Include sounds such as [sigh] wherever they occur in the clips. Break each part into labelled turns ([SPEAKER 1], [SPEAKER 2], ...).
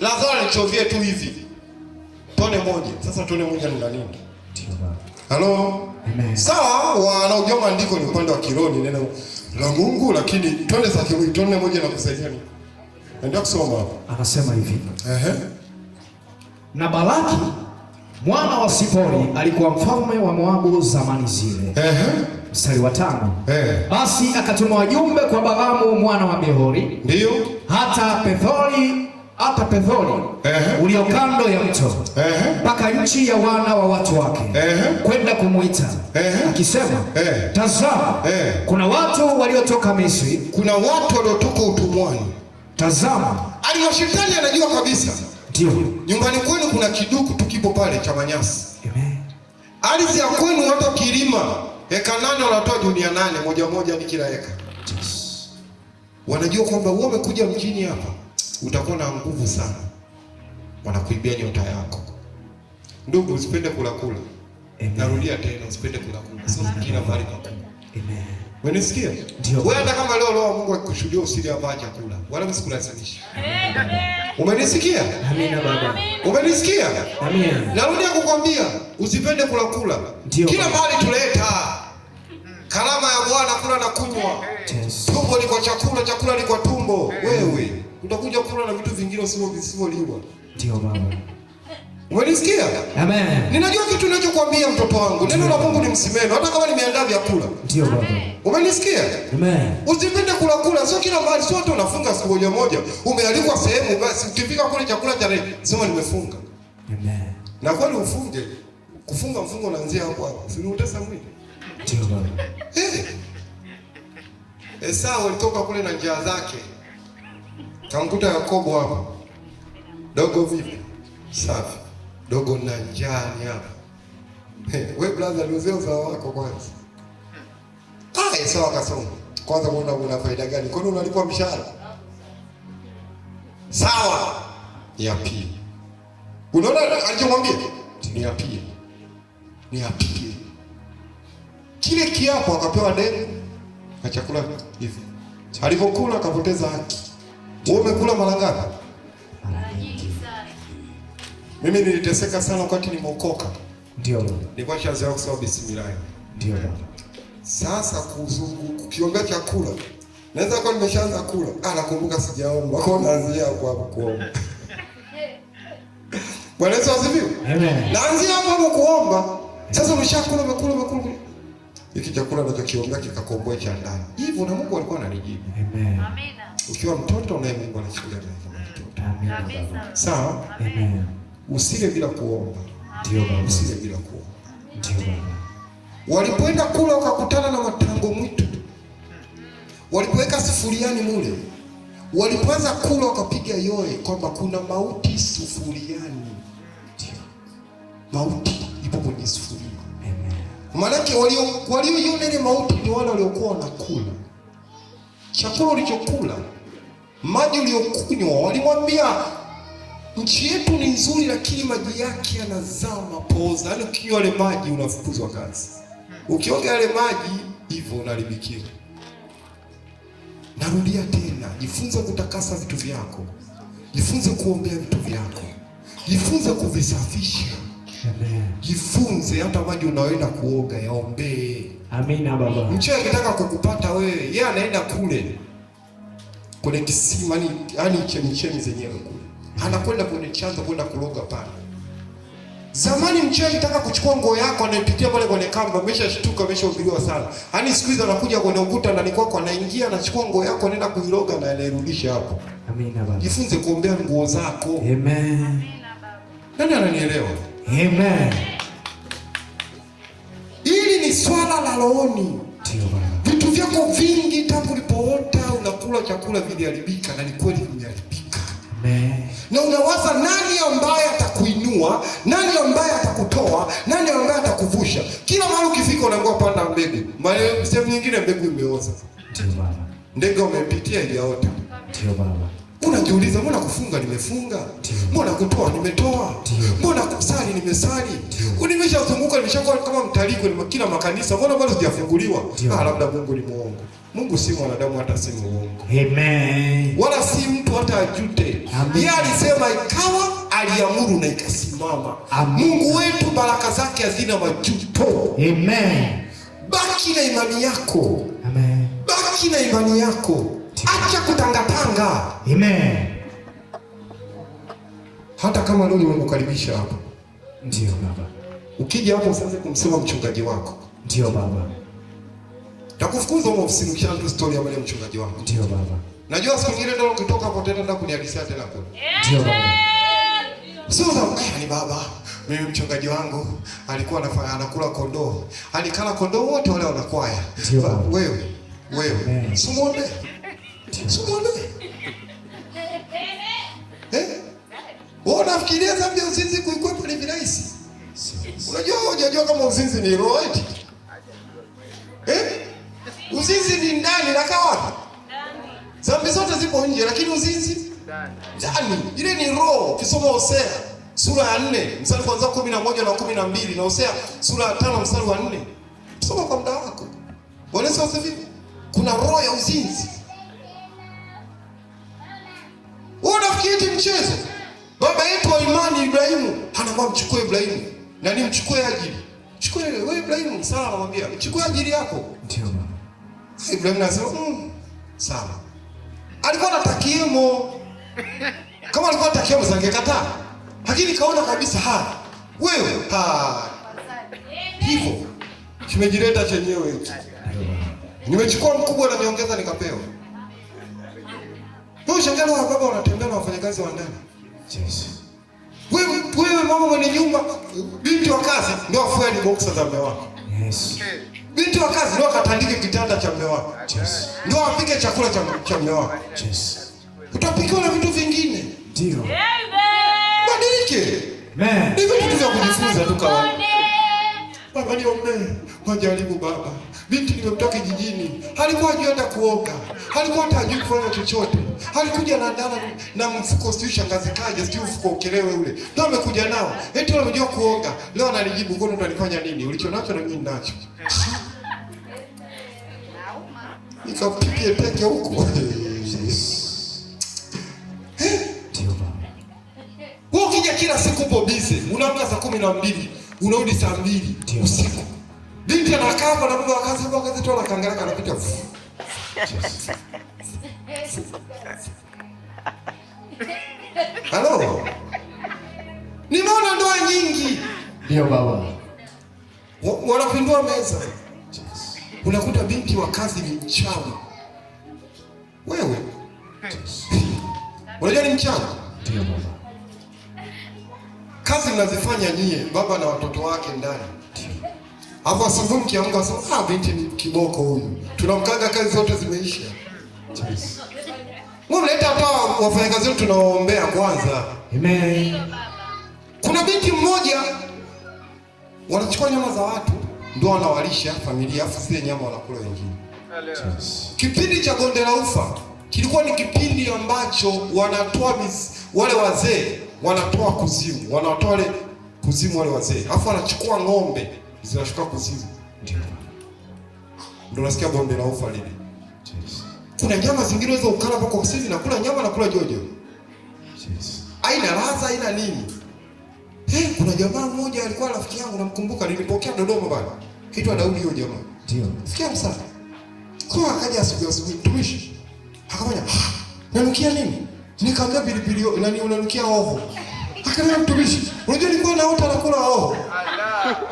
[SPEAKER 1] Lazaro alichovyee tu hivi tone moja. Sasa tone moja ni nini? Halo, sawa. Wanaojua maandiko ni upande wa kironi neno la Mungu, lakini tone za kimwili, tone moja na kusaidia nini? Ndio kusoma hapo,
[SPEAKER 2] anasema hivi ehe, na Balaki mwana wa Sipori alikuwa mfalme wa Moabu zamani zile. Ehe. Mstari wa tano. Ehe. Basi akatuma wajumbe kwa Balamu mwana wa Behori, ndio hata Pethori hata Pethori ulio kando ya mto mpaka nchi ya wana wa watu wake kwenda kumwita akisema e. tazama e. kuna watu waliotoka Misri,
[SPEAKER 1] kuna watu waliotoka utumwani.
[SPEAKER 2] Tazama,
[SPEAKER 1] aliyo shetani anajua kabisa ndio nyumbani kwenu kuna kiduku tukipo pale cha manyasi, ardhi ya kwenu watu kilima eka nane wanatoa dunia nane moja moja ni kila eka wanajua kwamba wamekuja mjini hapa utakuwa na nguvu sana. Wanakuibia nyota yako. Ndugu, usipende kula kula. Narudia tena, usipende kula kula. Sio kila mahali pakubwa. Amen. Unanisikia? Ndio. Wewe hata kama leo roho Mungu akikushuhudia usili hapa chakula, wala msikulazimishe. Amen, Umenisikia?
[SPEAKER 2] Amina baba.
[SPEAKER 1] Umenisikia? Amina. Narudia kukwambia, usipende kula kula. Kila mahali tuleta karama ya Bwana kula na kunywa. Tumbo liko chakula, chakula liko tumbo. Wewe utakuja kula na vitu vingine usivyoliwa. Ndio baba. Umenisikia? Amen. Ninajua kitu ninachokuambia mtoto wangu. Neno la Mungu ni msimeno hata kama nimeandaa vyakula. Ndio baba. Umenisikia? Amen. Usipende kula kula, sio kila mahali, sio tu unafunga siku moja moja. Umealikwa sehemu basi ukifika kule chakula cha leo, sema nimefunga. Amen. Na kwani ufunge. Kufunga mfungo unaanzia hapo hapo. Si unatesa mwili.
[SPEAKER 2] Ndio baba.
[SPEAKER 1] Eh. Esau alitoka kule na njia zake. Kamkuta Yakobo hapo. Dogo vipi? Safi. Dogo na njaa ni hapa. Wewe brother, niuzee uzao wako kwanza. Ah, sawa kasoma. Kwanza muona una faida gani? Kwani unalipwa mshahara? Sawa. Ya pili. Unaona alichomwambia? Ni ya pili. Ni ya pili. Kile kiapo akapewa deni na chakula hivi. Alipokula akapoteza haki. Wewe umekula mara ngapi? Mara nyingi sana. Mimi niliteseka sana wakati nimeokoka.
[SPEAKER 2] Ndio. Nilikuwa
[SPEAKER 1] nishazoea kusema bismillah. Ndio. Sasa kuzungu ukiombea chakula naweza kuwa nimeshaanza kula. Ah, nakumbuka sijaomba. Kwa hiyo naanzia kwa kuomba. Bwana Yesu asifiwe. Amen. Naanzia hapo hapo kuomba. Sasa umeshakula, umekula, umekula. Hiki chakula kiongea kikakomboa cha ndani. Hivyo na Mungu alikuwa ananijibu.
[SPEAKER 2] Amen.
[SPEAKER 3] Amen.
[SPEAKER 1] Ukiwa mtoto unaye Mungu anachukulia kama
[SPEAKER 2] mtoto. Amen. Sawa? Amen.
[SPEAKER 1] Usile bila kuomba. Ndio baba. Usile bila kuomba.
[SPEAKER 2] Ndio baba.
[SPEAKER 1] Walipoenda kula wakakutana na matango mwitu. Walipoweka sufuriani mule, walipoanza kula wakapiga yoe kwamba kuna mauti sufuriani. Ndio. Mauti ipo kwenye sufuria. Amen. Maanake walio walioiona ile mauti ndio wale waliokuwa wanakula chakula ulichokula Maji uliyokunywa walimwambia nchi yetu ni nzuri, lakini maji yake yanazaa mapoza. Yaani ukinywa yale maji unafukuzwa kazi, ukioga yale maji hivyo unaribikiwa. Narudia tena, jifunze kutakasa vitu vyako, jifunze kuombea vitu vyako, jifunze kuvisafisha, jifunze hata maji unaoenda kuoga yaombee.
[SPEAKER 2] Amina baba.
[SPEAKER 1] Mchawi akitaka kukupata wewe, yeye anaenda kule kwenye kisima, yaani chemichemi zenyewe kule, anakwenda kwenye chanzo kwenda kuloga pale. Zamani mchawi anataka kuchukua nguo yako, anaipitia pale kwenye kamba, ameshashtuka, ameshahubiriwa sana. Yaani siku hizo anakuja kwenye ukuta ndani kwako, anaingia anachukua nguo yako, anaenda kuiloga na anairudisha hapo. Amina baba. Jifunze kuombea nguo zako.
[SPEAKER 2] Amen.
[SPEAKER 1] Nani ananielewa?
[SPEAKER 2] Amen.
[SPEAKER 1] Hili ni swala la rohoni.
[SPEAKER 2] Ndio baba.
[SPEAKER 1] Vitu vyako vi kula chakula viliharibika, na ni kweli viliharibika. Na unawaza nani ambaye atakuinua, nani ambaye atakutoa, nani ambaye atakuvusha? Kila mara ukifika unaambiwa panda mbegu, sehemu nyingine mbegu imeoza, ndege umepitia iliota. Unajiuliza, mbona kufunga nimefunga, mbona kutoa nimetoa, mbona kusali nimesali, nimeshazunguka, nimeshakuwa kama mtalii kwenye kila makanisa, mbona bado sijafunguliwa? Ah, labda Mungu ni mwongo. Mungu si mwanadamu hata aseme uongo.
[SPEAKER 2] Amen.
[SPEAKER 1] Wala si mtu hata ajute. Amen. Yeye alisema ikawa, aliamuru na ikasimama. Amen. Mungu wetu baraka zake hazina majuto.
[SPEAKER 2] Amen.
[SPEAKER 1] Baki na imani yako. Amen. Baki na imani yako. Acha kutangatanga. Amen. Hata kama leo nimekukaribisha hapa.
[SPEAKER 2] Ndio baba.
[SPEAKER 1] Ukija hapo usianze kumsema mchungaji wako. Ndio baba. Nitakufukuza huko ofisini ukishajua story ya wale mchungaji wangu. Ndio baba. Najua siku nyingine ndio ukitoka hapo tena ndio kunihadisia tena kule. Ndio baba. Sio za ni baba. Mimi mchungaji wangu alikuwa anafanya anakula kondoo. Alikala kondoo wote wale wanakwaya. Ndio baba. Wewe. Wewe. Simuone. Simuone. Eh? Wewe unafikiria dhambi ya uzinzi kuikwepa ni virahisi? Unajua hujajua kama uzinzi ni roho eti? Uzinzi ni ndani, nakaa wapi? Dhambi zote zipo nje, lakini uzinzi ndani. Ndani. Ile ni roho. Kisoma Hosea sura ya 4 mstari kuanzia 11 na 12 na Hosea sura ya 5 mstari wa 4, soma kwa muda wako. Bwana sasa asifiwe. Kuna roho ya uzinzi. Wewe unafikiri mchezo? Baba yetu wa imani Ibrahimu anakuwa mchukue Ibrahimu. Nani mchukue ajili? Chukue wewe Ibrahimu, Sara anamwambia, "Chukua ajili yako." Ndio. Ibrahim anasema mm, sawa. Alikuwa na takiemo. Kama alikuwa takiemo zangekataa. Lakini kaona kabisa ha. Wewe ha. Hivyo kimejileta chenyewe. Nimechukua mkubwa na niongeza nikapewa. Wewe shangalo wa baba unatembea na wafanyakazi wa ndani. Yes. Wewe wewe mama mwenye nyumba binti wa kazi ndio afueni boxer za mume wako.
[SPEAKER 2] Yes. Okay.
[SPEAKER 1] Binti wa kazi ndio akatandike kitanda cha mume wako, ndio apike chakula cha cha mume wako, utapikiwa na vitu vingine. Ndio badilike, ni vitu vya kujifunza tu. Kwa baba ni niombee, wajaribu baba. Binti nimemtoka kijijini, alikuwa hajui hata kuoga, alikuwa hata hajui kufanya chochote, alikuja na ndana na mfuko, sio shangazi kaja, sio mfuko ukelewe ule, ndio amekuja nao, eti anajua kuoga. Leo ananijibu ngono, utanifanya nini? Ulichonacho na mimi ninacho nikakupigie teke huko ukija kila siku upo busy, unaamka saa kumi na mbili unarudi saa mbili usiku, binti anakaa na baba wa kazi, baba tu anakangaraka anapita Halo. Nimeona ndoa nyingi. Ndio baba. Wanapindua meza. Unakuta binti wa kazi ni mchawi. Wewe unajua ni mchawi? Kazi mnazifanya nyie, baba na watoto wake ndani, hapo asubuhi mkiamka, ah, binti ni kiboko huyu, tunamkaga kazi zote zimeisha. Mleta hapa wafanyakazi wetu tunawaombea kwanza.
[SPEAKER 2] Amen.
[SPEAKER 1] Kuna binti mmoja wanachukua nyama za watu ndio wanawalisha familia, afu zile nyama wanakula wengine. Kipindi cha Bonde la Ufa kilikuwa ni kipindi ambacho wanatoa wale wazee wanatoa kuzimu, wanatoa wale kuzimu, wale wazee, afu wanachukua ng'ombe zinashuka kuzimu, ndio nasikia Bonde la Ufa lile. Kuna nyama zingine za ukala mpaka usiku, nakula nyama nakula jojo, aina ladha aina nini Hey, eh, kuna jamaa mmoja alikuwa rafiki yangu namkumbuka, nilipokea Dodoma pale. Kitu Daudi huyo jamaa. Ndio. Sikia msafi. Kwa akaja asubuhi asubuhi mtumishi. Akamwambia, "Ah, "Unanukia nini?" Nikamwambia pilipili nani unanukia hoho. Akaniambia mtumishi, "Unajua nilikuwa naota nakula hoho." Allah.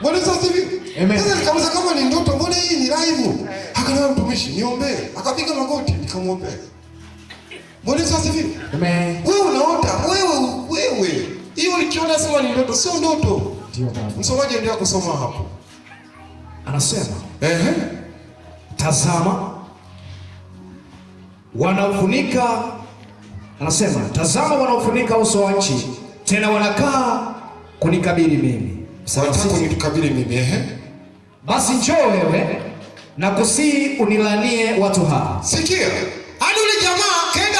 [SPEAKER 1] Mbona sasa hivi? Amen. Sasa nikamwambia kama ni ndoto, mbona hii ni live? Akaniambia mtumishi, "Niombe." Akapiga magoti, nikamwombea. Bwana Yesu asifiwe. Amen. Wewe unaota, wewe wewe. Hiyo ulikiona sema ni ndoto, sio ndoto. Ndio baba. Msomaji endelea kusoma hapo. Anasema, ehe.
[SPEAKER 2] Tazama wanaofunika anasema, tazama wanaofunika uso wa nchi, tena wanakaa kunikabili mimi.
[SPEAKER 1] Wanataka kunikabili mimi, ehe.
[SPEAKER 2] Basi njoo wewe na kusii unilanie watu hawa.
[SPEAKER 1] Sikia. Hadi ule jamaa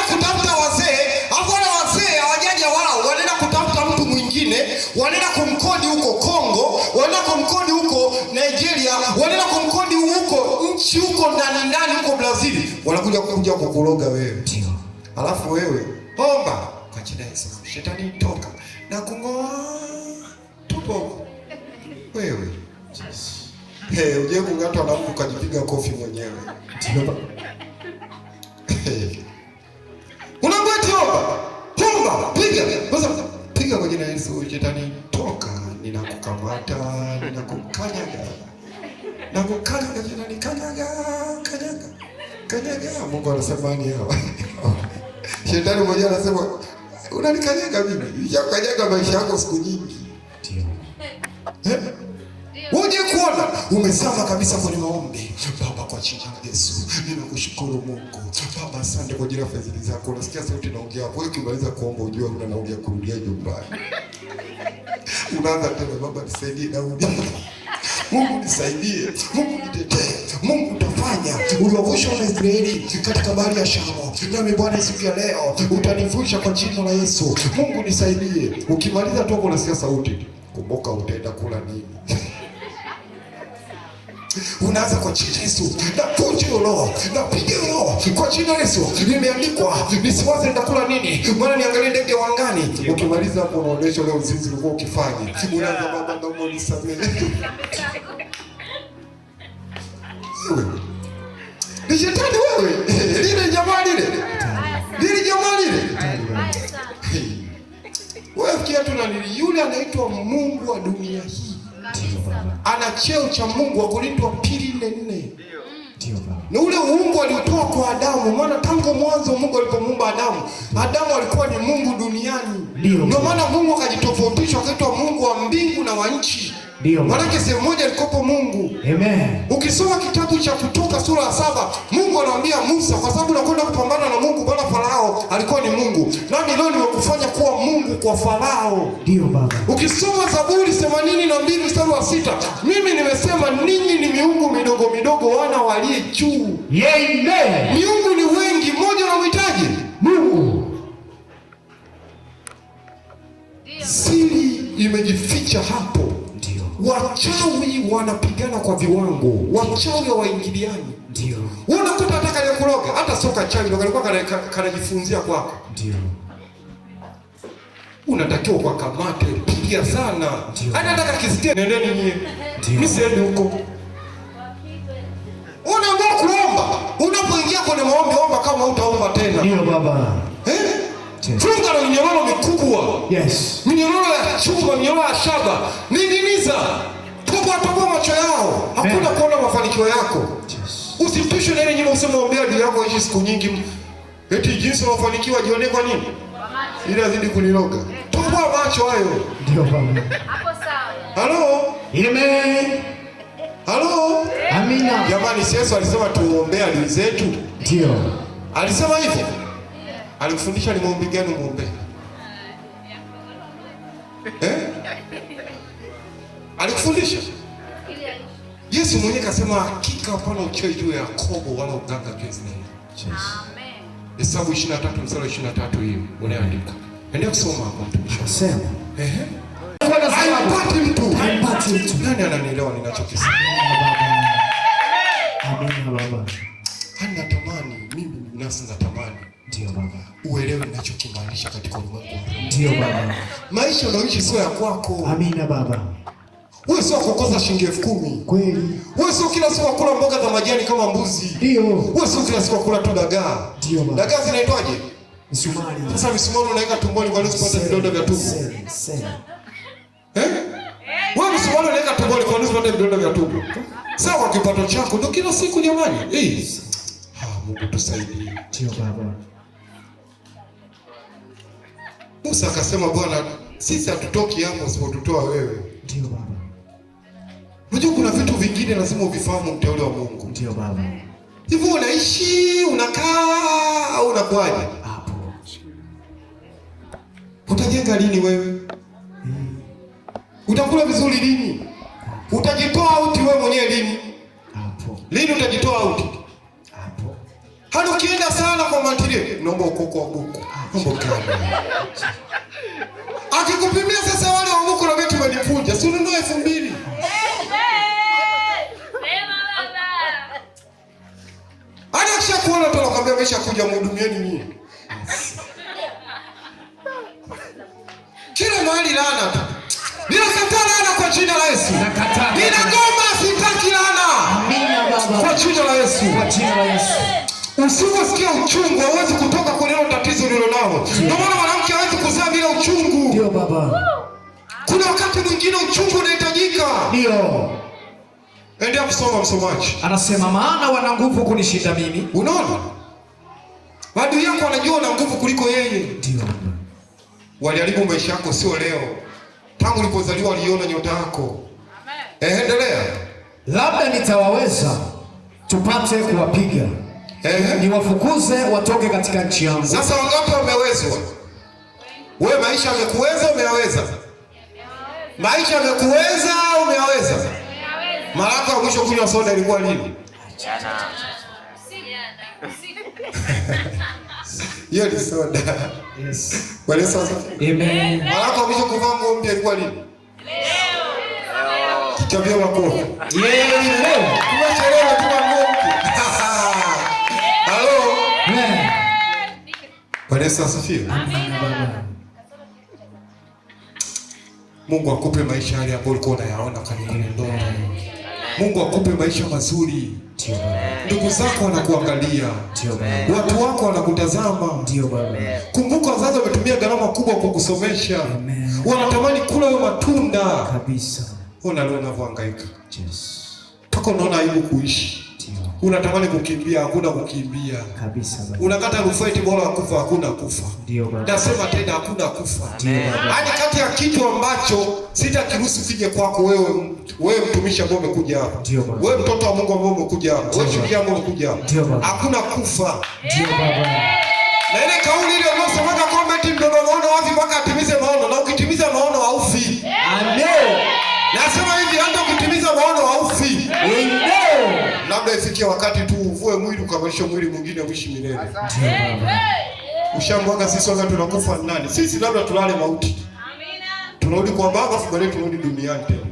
[SPEAKER 1] wanaenda kumkodi huko Kongo, wanaenda kumkodi huko Nigeria, wanaenda kumkodi huko nchi huko ndani ndani huko Brazil, wanakuja kuja kukuroga wewe, ndio alafu wewe omba kwa jina Yesu, shetani toka na kungoa tupo wewe Hey, uje kung'atwa na mtu kajipiga kofi mwenyewe hey. Unaambia tiomba, omba, piga Yesu, shetani toka, ninakukamata, ninakukanyaga, nakukanyaga, shetani kanyaga, kanyaga, kanyaga. Mungu anasema ni hawa [laughs] shetani mmoja anasema unanikanyaga mimi, nishakukanyaga maisha yako siku nyingi, eh? uje kuona umezama kabisa kwenye Baba, kwa jina la Yesu ninakushukuru Mungu Baba, asante kwa ajili ya fadhili zako. Nasikia sauti naongea hapo, ukimaliza kuomba ujue una nauli kurudia nyumbani. [laughs] Unaanza tena, Baba nisaidie Daudi, Mungu nisaidie, Mungu nitetee, Mungu utafanya. Uliwavusha wana Israeli katika bahari ya Shamu, nami Bwana siku ya leo utanivusha kwa jina la Yesu. Mungu nisaidie. Ukimaliza toka, unasikia sauti, kumbuka utaenda kula nini unaanza kwa jina Yesu, nakunja roho, napiga roho kwa jina Yesu. Nimeandikwa nisiwaze nitakula nini, maana niangalie ndege wangani. Ukimaliza hapo, unaonyesha ule uzinzi ulikuwa ukifanya, unaanza baba, naomba unisamehe ni shetani wewe, lile jamaa lile lile jamaa lile wewe, fikia tu na yule anaitwa Mungu wa dunia hii ana cheo cha Mungu. Wakorintho wa pili nne nne ni ule uungu aliotoa kwa Adamu, maana tangu mwanzo Mungu alipomuumba Adamu, Adamu alikuwa ni Mungu duniani. Ndio maana Mungu akajitofautisha akaitwa Mungu wa mbingu na wa nchi. Ndio. Maanake sehemu moja alikopo Mungu. Amen. Ukisoma kitabu cha Kutoka sura ya saba, Mungu anamwambia Musa, kwa sababu nakwenda kupambana na Mungu, bwana Farao alikuwa ni Mungu. Nami leo nimekufanya kuwa Mungu kwa Farao. Ndio baba. Ukisoma Zaburi 82 mstari wa sita, mimi nimesema ninyi ni miungu midogo midogo wana waliye juu.
[SPEAKER 2] Amen.
[SPEAKER 1] Miungu ni wengi, mmoja unamhitaji Mungu. Siri imejificha hapo. Wachawi wanapigana kwa viwango, wachawi waingiliani. Ndio wewe unakuta hata kale kuroga, hata soka chawi ndio alikuwa kanajifunzia kwako. Ndio unatakiwa kwa kamate, pigia sana, hata hata kakisikia, nendeni nyie, mimi siendi huko. Unaomba kuomba, unapoingia kwenye maombi, omba kama utaomba tena.
[SPEAKER 2] Ndio baba
[SPEAKER 1] eh? Funga na minyororo mikubwa, yes, minyororo ya chuma, minyororo ya shaba ni toboa toboa macho yao, hakuna kuona mafanikio yako. Usimpishwe na ile nyimbo ombea dio yako ishi siku nyingi, eti jinsi unafanikiwa jione kwa nini ili azidi kuniloga. Toboa macho hayo.
[SPEAKER 2] Ndio baba. Hapo
[SPEAKER 1] sawa. Halo.
[SPEAKER 2] Amen.
[SPEAKER 1] Halo. Amina. Jamani, si Yesu alisema tuombea dio zetu? Ndio. Alisema hivyo? Alikufundisha ni maombi gani muombe? Eh? Alikufundisha Yesu mwenyewe kasema, hakika hapana uchawi juu ya Yakobo wala uganga juu ya Israeli. Amen. Hesabu 23 mstari 23, hiyo unaandika. Endelea kusoma hapo
[SPEAKER 2] mtumishi. Asema.
[SPEAKER 1] Ehe. Haipati mtu.
[SPEAKER 2] Haipati mtu.
[SPEAKER 1] Nani ananielewa ninachokisema?
[SPEAKER 2] Amen. Amen baba.
[SPEAKER 1] Hana tamani, mimi binafsi natamani. Ndio baba. Uelewe ninachokimaanisha katika ulimwengu.
[SPEAKER 2] Ndio baba.
[SPEAKER 1] Maisha unaoishi sio ya kwako.
[SPEAKER 2] Amina baba.
[SPEAKER 1] Wewe sio kukoza shilingi elfu kumi. Kweli. Wewe sio kila siku kula mboga za majani kama mbuzi.
[SPEAKER 2] Ndio. Wewe
[SPEAKER 1] sio kila siku kula tu dagaa. Ndio. Dagaa zinaitwaje? Misumari. Sasa misumari unaweka tumboni kwa nusu pata vidonda vya tumbo? Sema. Eh? Wewe misumari unaweka tumboni kwa nusu pata vidonda vya tumbo? Sawa, kipato chako ndio kila siku jamani. Eh. Ha, Mungu tusaidie. Ndio baba. Musa akasema Bwana, sisi hatutoki hapo usipotutoa wewe. Ndio baba. Unajua kuna vitu vingine lazima uvifahamu, mteule wa Mungu. Ndio baba. Hivyo unaishi unakaa au unakuaje? Hapo. Utajenga lini wewe? Hmm. Utakula vizuri lini? Utajitoa uti wewe mwenyewe lini? Hapo. Lini utajitoa uti? Hapo. Hadi ukienda sana kwa matili, naomba ukoko wa buku. Naomba [laughs] Akikupimia sasa wale wa buku na wewe tumenipunja. Si ununue 2000. ameshakuja, mhudumieni nyinyi. Kila mahali laana tu. Ninakataa laana kwa jina la Yesu. Ninagoma, sitaki laana. Kwa jina la Yesu. Kwa
[SPEAKER 2] jina la Yesu.
[SPEAKER 1] Usiposikia uchungu hauwezi kutoka kwenye hilo tatizo ulilonalo. Ndio maana mwanamke hawezi kuzaa bila uchungu.
[SPEAKER 2] Ndio baba.
[SPEAKER 1] Kuna wakati mwingine uchungu unahitajika.
[SPEAKER 2] Ndio.
[SPEAKER 1] Endea kusoma msomaji.
[SPEAKER 2] Anasema maana wana nguvu kunishinda mimi.
[SPEAKER 1] Unaona? Maadui yako wanajua na nguvu kuliko yeye. Ndio. Waliharibu maisha yako sio leo. Tangu ulipozaliwa waliona nyota yako. Amen. Eh, endelea.
[SPEAKER 2] Labda nitawaweza tupate kuwapiga. Eh, niwafukuze watoke katika nchi yangu.
[SPEAKER 1] Sasa wangapi wamewezwa? Wewe maisha yamekuweza umeyaweza? Maisha yamekuweza umeyaweza? Mara yako ya mwisho kunywa soda ilikuwa lini? Jana. [laughs] hiyo ni soda. Yes. Bwana Yesu asifiwe. Amen. Mara kwa mwisho kuvaa nguo mpya ilikuwa lini? Leo. Tuchapie makofi.
[SPEAKER 2] Yeye leo.
[SPEAKER 1] Tumechelewa kwa nguo mpya. Hello. [laughs] Amen. Bwana Yesu asifiwe.
[SPEAKER 3] Amen.
[SPEAKER 1] Mungu akupe maisha yale ambayo ulikuwa unayaona kwenye ndoto. Mungu akupe maisha mazuri. Ndugu zako wanakuangalia, watu wako wanakutazama. Kumbuka wazazi wametumia gharama kubwa kwa kusomesha, wanatamani kula hayo matunda kabisa. Unaona leo unavyohangaika, mpaka unaona aibu kuishi Unatamani kukimbia, hakuna kukimbia kabisa. Unakata rufaa eti bora kufa, hakuna kufa. Ndio baba, nasema tena hakuna kufa. Hadi kati ya kitu ambacho sitakiruhusu kije kwako wewe, wewe mtumishi ambaye umekuja hapa, ndio baba, wewe mtoto wa Mungu ambaye umekuja hapa, wewe shujaa ambao umekuja hapa, ndio baba, hakuna kufa. Ndio baba, na ile kauli ile unasema kwamba eti mdogo anaona wapi mpaka atimize maono, na ukitimiza maono Isifikie wakati tu uvue mwili ukavalishe mwili mwingine uishi milele. Ushambwaga sisi waga tunakufa nani? Sisi labda tulale mauti. Amina. Tunarudi kwa Baba afu baadaye tunarudi duniani tena.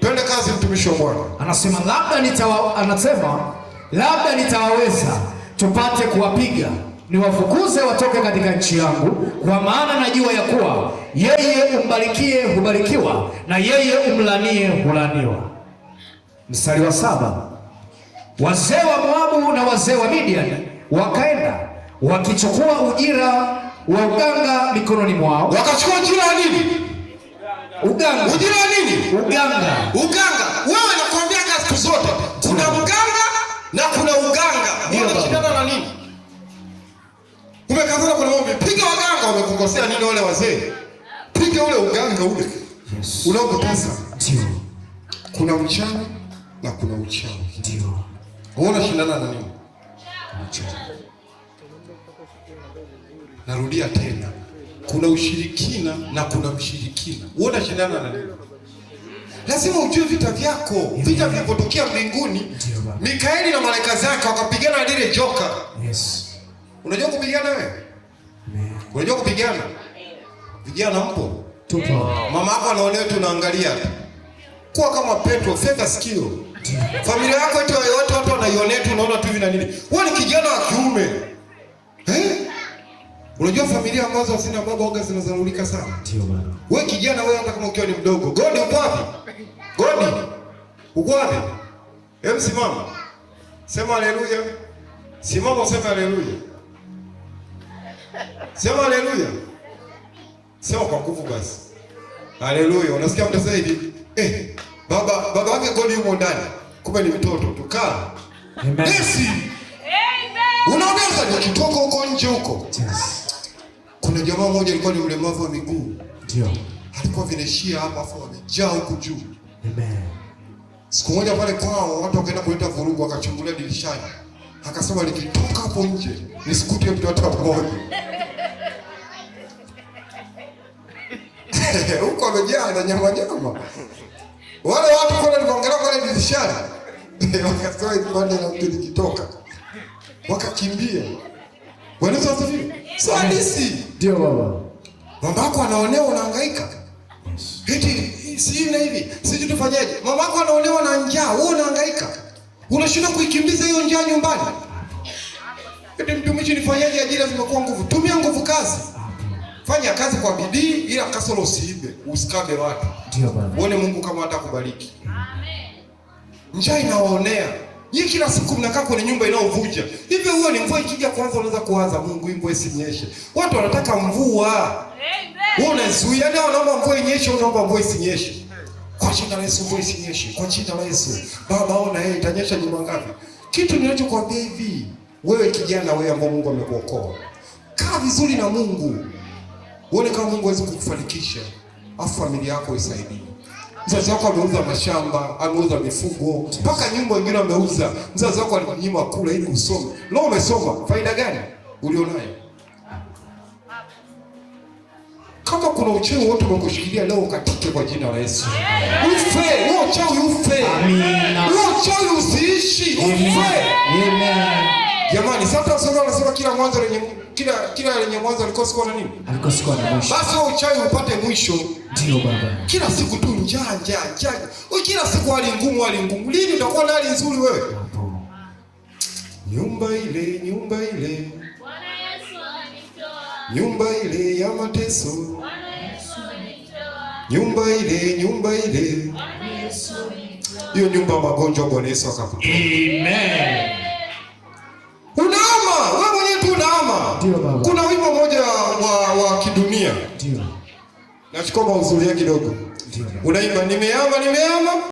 [SPEAKER 1] Twende kazi mtumishi wa Bwana.
[SPEAKER 2] Anasema labda nitawa, anasema labda nitawaweza tupate kuwapiga niwafukuze watoke katika nchi yangu, kwa maana najua ya kuwa yeye umbarikie hubarikiwa na yeye umlanie hulaniwa. Mstari wa saba. Wazee wa Moabu na wazee wa Midian wakaenda wakichukua ujira wa uganga mikononi mwao.
[SPEAKER 1] Wakachukua ujira wa nini? Uganga. Ujira wa nini?
[SPEAKER 2] Uganga.
[SPEAKER 1] Uganga. Wewe nakwambia kazi zote kuna mganga na kuna uganga. Unashindana na nini? Umekazana kuna mambo. Piga waganga wamekukosea nini wale wazee? Piga ule uganga ule. Yes. Unaokutasa. Ndio. Kuna mchana na kuna uchawi. Ndio. Mbona unashindana na nini? Narudia tena, kuna ushirikina na kuna mshirikina. Wewe unashindana na nini? Lazima ujue vita vyako. Vita vilivyotokea mbinguni, Mikaeli na malaika zake wakapigana na lile joka. Yes. Unajua kupigana wewe? Unajua kupigana? Vijana mpo? Tupo. Mama yako anaolewa, tunaangalia. Kuwa kama Petro, fedha sikio. Familia yako eti yote watu wanaionea tu, unaona tu hivi na nini. Wewe ni kijana wa kiume. Eh? Unajua familia ambazo hazina baba oga zinazalulika sana. Ndio bwana. Wewe kijana wewe hata kama ukiwa ni mdogo. Godi uko wapi? Godi. Uko wapi? Hem, simama. Sema haleluya. Simama useme haleluya. Sema haleluya. Sema kwa nguvu basi. Haleluya. Unasikia mtasaidi? Eh baba baba wake goli yumo ndani, kumbe ni mtoto tukaa. Amen. unaongeza ni kutoka huko nje huko. Yes. Kuna jamaa mmoja alikuwa ni mlemavu wa miguu, ndio alikuwa vinaishia hapa, afa wamejaa huku juu. Amen. Siku moja pale kwao watu wakaenda kuleta vurugu, akachungulia dirishani, akasema nikitoka hapo nje nisikute mtu hata mmoja [laughs] huko amejaa na nyama nyama wale watu kule kwa kule dirishani [laughs] wakasema hivi bwana na mtu nikitoka. Wakakimbia. Bwana sasa hivi. Sio hadithi. Ndio baba. Mama anaonewa unahangaika. Hiti si na hivi. Sisi tufanyaje? Mama anaonewa na njaa, wewe unahangaika. Unashindwa kuikimbiza hiyo njaa nyumbani. Hiti mtumishi, nifanyaje? Ajira zimekuwa nguvu. Tumia nguvu kazi. Fanya kazi kwa bidii ila kasoro usiibe, usikabe watu. Ndio Bwana. Uone Mungu kama atakubariki. Amen. Njaa inawaonea. Yeye kila siku mnakaa kwenye nyumba inayovuja. Hivi huo ni mvua ikija kwanza unaweza kuanza Mungu hivyo isinyeshe. Watu wanataka mvua. Amen. Wewe unazuia na unaomba mvua inyeshe, unaomba mvua isinyeshe. Kwa jina la Yesu mvua isinyeshe. Kwa jina la Yesu. Baba ona yeye itanyesha nyumba ngapi? Kitu ninachokuambia hivi, wewe kijana wewe ambao Mungu amekuokoa. Kaa vizuri na Mungu. Uone kama Mungu hawezi kukufanikisha afu familia yako isaidie. Mzazi wako ameuza mashamba, ameuza mifugo, mpaka nyumba wengine ameuza. Mzazi wako alinyima kula ili usome. Leo umesoma, faida gani ulionayo? Kama kuna uchawi wote umekushikilia leo, ukatike kwa jina la Yesu. Ufe, huo uchawi, ufe.
[SPEAKER 2] Amina.
[SPEAKER 1] Huo uchawi usiishi, ufe.
[SPEAKER 2] Amen.
[SPEAKER 1] Jamani, sasa kila mwanzo lenye kila kila lenye mwanzo alikosa kuona nini?
[SPEAKER 2] Alikosa kuona mwisho.
[SPEAKER 1] Basi wewe uchawi upate mwisho. Ndio baba. Kila siku tu njaa njaa njaa. Wewe kila siku hali ngumu hali ngumu. Lini utakuwa na hali nzuri wewe? Nyumba ile nyumba ile.
[SPEAKER 3] Bwana Yesu alitoa.
[SPEAKER 1] Nyumba ile ya mateso.
[SPEAKER 3] Bwana Yesu
[SPEAKER 1] Nyumba ile nyumba ile.
[SPEAKER 3] Bwana Yesu
[SPEAKER 1] Hiyo nyumba magonjwa Bwana Yesu akafuta.
[SPEAKER 2] Amen.
[SPEAKER 1] Unaoma wewe mama, kuna wimbo mmoja wa, wa kidunia, nachukua mahudhuria kidogo, unaimba nimeama, nimeama